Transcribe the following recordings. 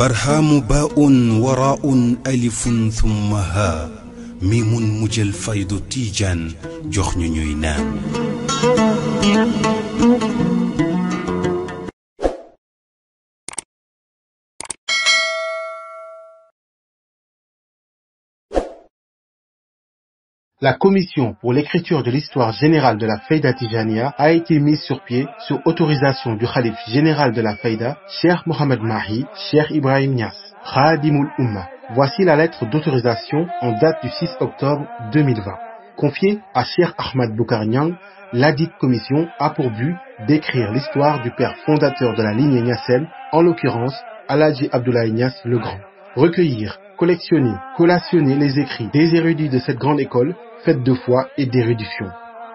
barhaamu baaun waraaun alifun thumma haa mi mun mujjël faydu tiijaan jox ñu ñuy naan La commission pour l'écriture de l'histoire générale de la Faïda Tijania a été mise sur pied sous autorisation du calife général de la Faïda, Cheikh Mohamed Mahi, Cheikh Ibrahim Nias, Khadimul Umma. Voici la lettre d'autorisation en date du 6 octobre 2020. Confiée à Cheikh Ahmad la ladite commission a pour but d'écrire l'histoire du père fondateur de la lignée Niasel, en l'occurrence Aladji Abdoulaye Nias le Grand. Recueillir Collectionner, collationner les écrits des érudits de cette grande école, faite de foi et d'érudition.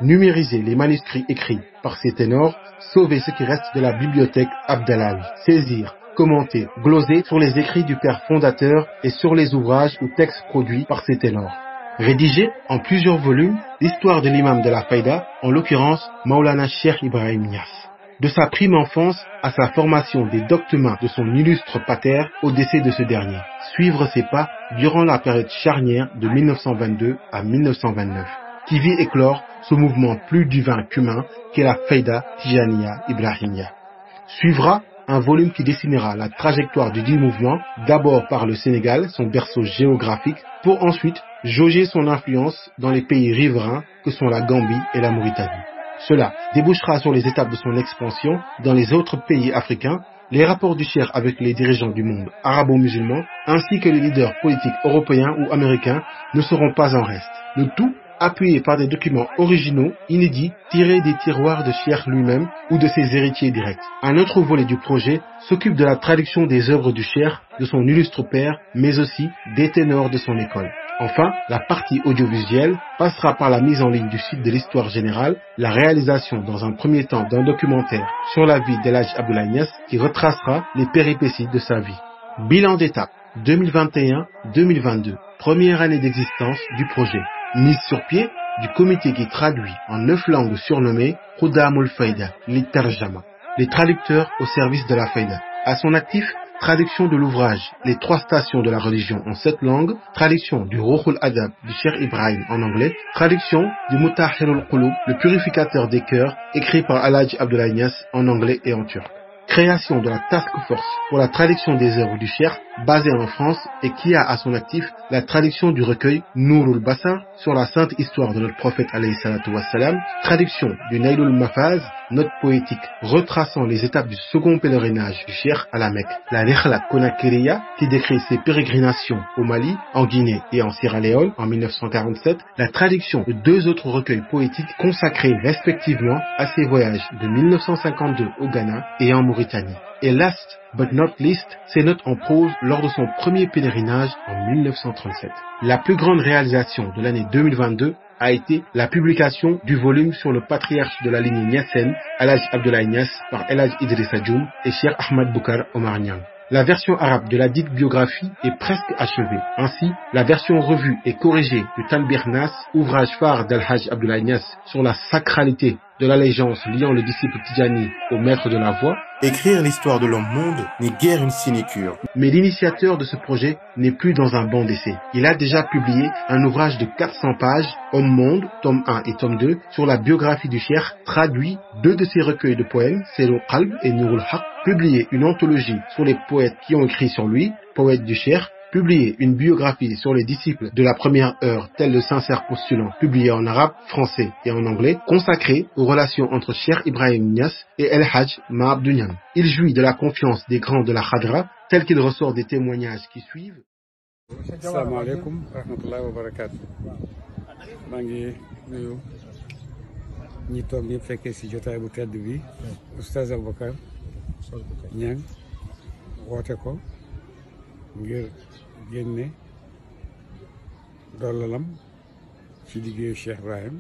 Numériser les manuscrits écrits par ces ténors, Sauver ce qui reste de la bibliothèque Abdallah. Saisir, commenter, gloser sur les écrits du père fondateur et sur les ouvrages ou textes produits par ces ténors. Rédiger en plusieurs volumes, l'histoire de l'imam de la Faïda, en l'occurrence Maulana Sheikh Ibrahim Nias de sa prime enfance à sa formation des doctements de son illustre pater au décès de ce dernier. Suivre ses pas durant la période charnière de 1922 à 1929, qui vit éclore ce mouvement plus divin qu'humain qu'est la Feida Tijaniya Ibrahimia. Suivra un volume qui dessinera la trajectoire du dit mouvement, d'abord par le Sénégal, son berceau géographique, pour ensuite jauger son influence dans les pays riverains que sont la Gambie et la Mauritanie. Cela débouchera sur les étapes de son expansion dans les autres pays africains, les rapports du Cher avec les dirigeants du monde arabo-musulman, ainsi que les leaders politiques européens ou américains ne seront pas en reste. Le tout appuyé par des documents originaux, inédits, tirés des tiroirs de Cher lui-même ou de ses héritiers directs. Un autre volet du projet s'occupe de la traduction des œuvres du Cher, de son illustre père, mais aussi des ténors de son école. Enfin, la partie audiovisuelle passera par la mise en ligne du site de l'histoire générale, la réalisation dans un premier temps d'un documentaire sur la vie d'Elaj Aboulaïnes qui retracera les péripéties de sa vie. Bilan d'étape 2021-2022, première année d'existence du projet. Mise sur pied du comité qui traduit en neuf langues surnommées Khuda Molfaida » les les traducteurs au service de la Faida. À son actif, Traduction de l'ouvrage Les trois stations de la religion en sept langues. Traduction du Ruhul Adab du cher Ibrahim en anglais. Traduction du Mutahirul Qulub, le purificateur des cœurs, écrit par Alaj Abdullah en anglais et en turc. Création de la Task Force pour la traduction des œuvres du cher basée en France et qui a à son actif la traduction du recueil Nourul Bassin sur la sainte histoire de notre prophète alayhi traduction du Nailul Mafaz note poétique retraçant les étapes du second pèlerinage du à la Mecque, la Rihla Konakiriya qui décrit ses pérégrinations au Mali, en Guinée et en Sierra Leone en 1947, la traduction de deux autres recueils poétiques consacrés respectivement à ses voyages de 1952 au Ghana et en Mauritanie. Et last but not least, ses notes en prose lors de son premier pèlerinage en 1937. La plus grande réalisation de l'année 2022 a été la publication du volume sur le patriarche de la lignée Niassen, Alhaj Abdoulaye Nias, par Elaj Idrissa et cher Ahmad Boukar Omar Niang. La version arabe de la dite biographie est presque achevée. Ainsi, la version revue et corrigée du Tanbir Nas, ouvrage phare d'Al-Hajj Abdoulaye Nias sur la sacralité de l'allégeance liant le disciple Tidjani au maître de la voix. écrire l'histoire de l'homme-monde n'est guère une sinécure. Mais l'initiateur de ce projet n'est plus dans un banc d'essai. Il a déjà publié un ouvrage de 400 pages, Homme-monde, tome 1 et tome 2, sur la biographie du cher, traduit deux de ses recueils de poèmes, Selo Qalb et Nurul Haq, publié une anthologie sur les poètes qui ont écrit sur lui, poète du cher, publié une biographie sur les disciples de la première heure, tel le sincère postulant, publié en arabe, français et en anglais, consacré aux relations entre Cheikh Ibrahim Nias et El Hajj Mahabdounian. Il jouit de la confiance des grands de la Khadra, tel qu'il ressort des témoignages qui suivent. génne dollalam ci liggéeyu Cheikh Ibrahim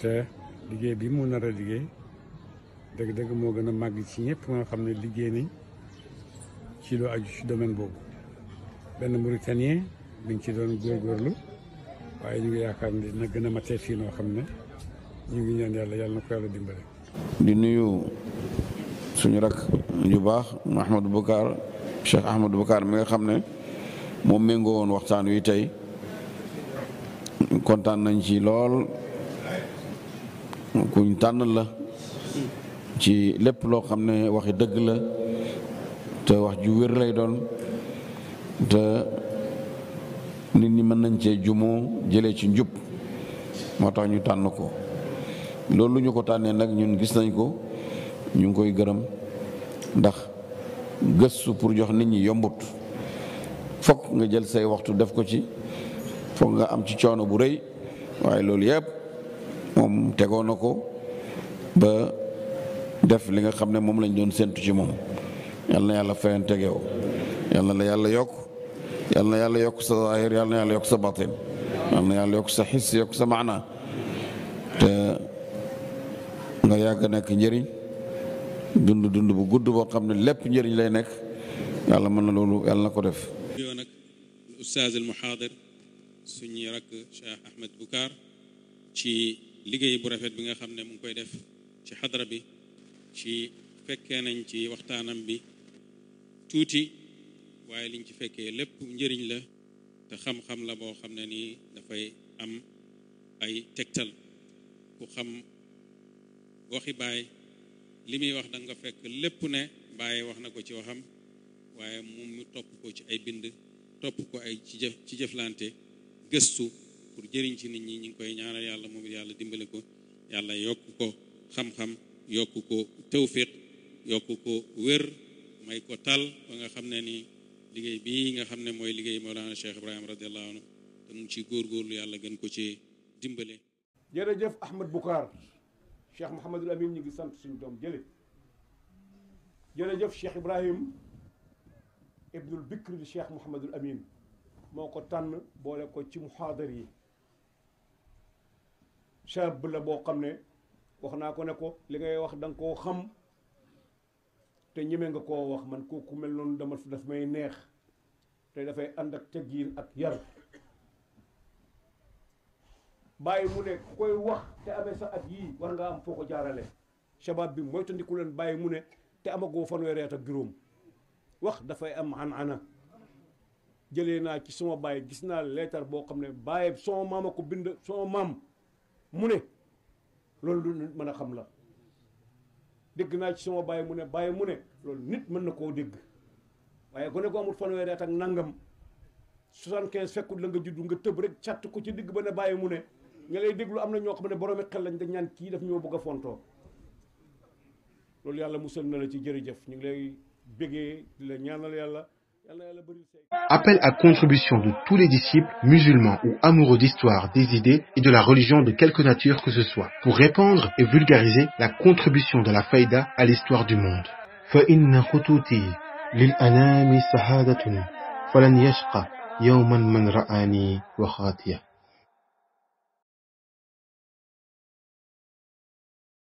te liggéey bi mu nar a liggéey dëgg-dëgg moo gën a màgg ci ñëpp nga xam ne liggéey nañ ci lu aju ci domaine boobu benn mauritanien dañ ci doon góorgóorlu waaye ñu ngi yaakaar ne dina gën a matee fii noo xam ne ñu ngi ñaan yàlla yàlla na ko yàlla dimbale. di nuyu suñu rak yu baax Ahmadou Boucar Cheikh Ahmadou Boucar mi nga xam ne. moom méngoo woon waxtaan wi tey kontaan nañ ci lool kuñ tànn la ci lépp loo xam ne waxi dëgg la te wax ju wér lay doon te nit ñi mën nañ cee jumoo jëlee ci njub moo tax ñu tànn ko loolu ñu ko tànnee nag ñun gis nañ ko ñu ngi koy gërëm ndax gëstu pour jox nit ñi yombut nga jël say waxtu def ko ci foog nga am ci coono bu rëy waaye loolu yëpp moom tegoo na ko ba def li nga xam ne moom lañ doon séntu ci moom yal na yàlla fayan tegew yal la yàlla yokk yal na yàlla yokk sa zahir yal na yàlla yokk sa batin yal na yàlla yokk sa xis yokk sa maana te nga yàgg nekk njëriñ dund dund bu gudd boo xam ne lépp njëriñ lay nekk yàlla mën na loolu yàlla na ko def ustaaz al muhaadir suñuy rakk Cheikh Ahmed Boucar ci liggéey bu rafet bi nga xam ne mu ngi koy def ci xadra bi ci fekkee nañ ci waxtaanam bi tuuti waaye liñ ci fekkee lépp njëriñ la te xam-xam la boo xam ne nii dafay am ay tegtal ku xam waxi baay li muy wax da nga fekk lépp ne bàyyi wax na ko ci waxam waaye moom mu topp ko ci ay bind topp ko ay ci jëf ci jëflante gëstu pour jëriñ ci nit ñi ñu ngi koy ñaanal yàlla moom it yàlla dimbali ko yàlla yokk ko xam-xam yokk ko tawfiq yokk ko wér may ko tal ba nga xam ne ni liggéey bii nga xam ne mooy liggéey Mawlana Cheikh Ibrahima radiallahu anhu te mu ci góorgóorlu yàlla gën ko ci dimbale jërëjëf Ahmed Boucar Cheikh Mouhamadul Amin ñu ngi sant suñu doom jële jërëjëf Cheikh Ibrahim ibnul bikr di cheikh mouhamadul amin moo ko tànn boole ko ci muhaadar yi chab la boo xam ne wax naa ko ne ko li ngay wax danga koo xam te ñeme nga koo wax man kooku mel noonu dama daf may neex te dafay ànd ak giin ak yar bàyyi mu ne koy wax te amee sa ak yii war nga am foo ko jaarale shabab bi moytandiku leen bàyyi mu ne te amagoo fanweeri at ak juróom wax dafay am xan-xana jëlee naa ci suma baay gis naa leetar boo xam ne baay suma maam a ko bind suma maam mu ne loolu du nit mën a xam la dégg naa ci suma baay mu ne bàyyi mu ne loolu nit mën na koo dégg waaye gone ko amul fanweeri at ak nangam soixante-quinze fekkul la nga juddu nga tëb rek càtt ko ci digg ba ne bàyyi mu ne nga lay déglu am na ñoo xam ne boroomi xel lañ dañ ñaan kii daf ñoo bëgg a fontoo loolu yàlla musal na la ci jërëjëf ñu Appel à contribution de tous les disciples, musulmans ou amoureux d'histoire, des idées et de la religion de quelque nature que ce soit, pour répandre et vulgariser la contribution de la faïda à l'histoire du monde.